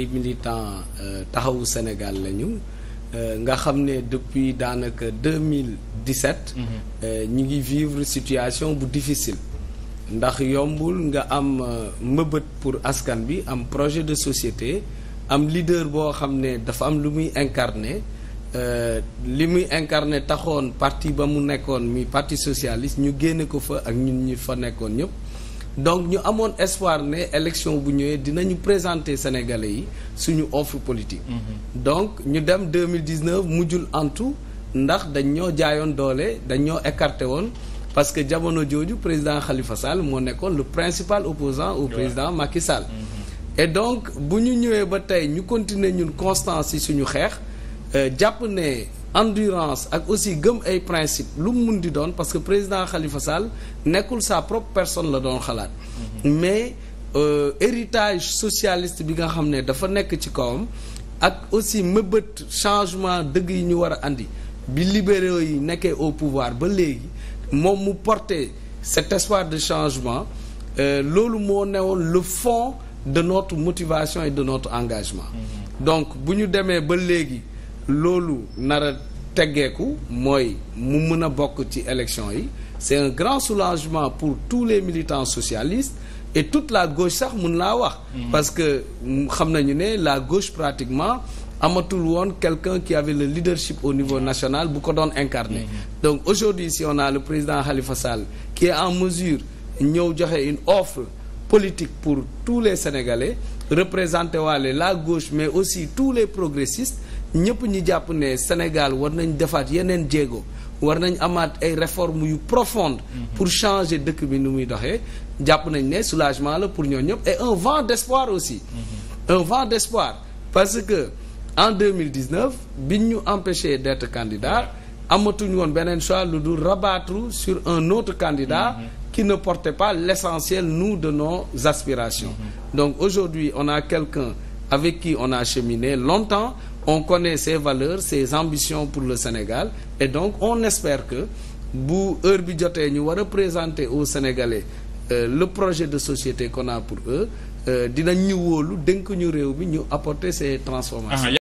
ay militants euh, taxawu Sénégal lañu euh, nga xam ne depuis daanaka mille 2017. Mhm. Euh, ñu ngi vivre situation bu difficile. ndax yombul nga am mbëbët pour askan bi am projet de société am leader boo xam ne dafa am lu muy incarné li muy incarné taxoon parti ba mu nekkoon mi parti socialiste ñu génne ko fa ak ñun fa nekkoon ñëpp. donc ñu amoon espoir ne élection bu ñëwee dinañu présenter Sénégalais yi suñu offre politique. Mm-hmm. donc ñu dem 2019 mujjul antu ndax dañ ñoo jaayoon doole dañ ñoo écarté woon. parce que jamono jooju président Khalifa Sall moo nekkoon le principal opposant au président Macky Sall. Mm-hmm. et donc bu ñu ñëwee ba tey ñu continuer ñun constance yi suñu xeex. Euh, jàpp ne endurance ak aussi gëm ay principe lu mu mun di doon parce que président Khalifa Sall nekkul sa propre personne la doon xalaat mhm. mais euh, héritage socialiste bi nga xam ne dafa nekk ci kawam ak aussi mëbët changement dëgg yi ñu war a andi bi libéraux yi nekkee au pouvoir ba léegi moom mu porter cet espoir de changement euh, loolu moo newoon le fond de notre motivation et de notre engagement mhm. donc bu ñu demee ba léegi loolu nar a teggeeku mooy mu mën a bokk ci élection yi c'est un grand soulagement pour tous les militants socialistes et toute la gauche sax mun naa wax mhm. parce que xam nañu ne la gauche pratiquement amatul woon quelqu'un qui avait le leadership au niveau national bu ko doon incarné mhm. donc aujourd'hui si on le président Khalifa Sall qui en mesure ñëw joxe une offre politique pour tous les Sénégalais représenter waale la gauche mais aussi tous les progressistes ñëpp ñu jàpp ne Sénégal war nañ defaat yeneen jéego war nañ amaat ay réformes yu profonde mhm. pour changer dëkk bi nu muy doxee jàpp nañ ne soulagement la pour ñoo ñëpp et un vent d'espoir aussi. Mhm. un vent d'espoir parce que en 2019 biñ ñu empêché d'être candidat amatuñ woon beneen choix lu dul rabattre sur un autre candidat. Mhm. qui ne portait pas l'essentiel nous de nos aspirations. donc aujourd'hui on a quelqu'un avec qui on a cheminé longtemps. on connaît ses valeurs ses ambitions pour le Sénégal et donc on espère que bu heure bi jotee ñu war présenter au Sénégalais euh, le projet de société qu'on a pour eux euh, dinañ ñu wóolu dénk ñu réew bi ñu apporter ces transformations ah,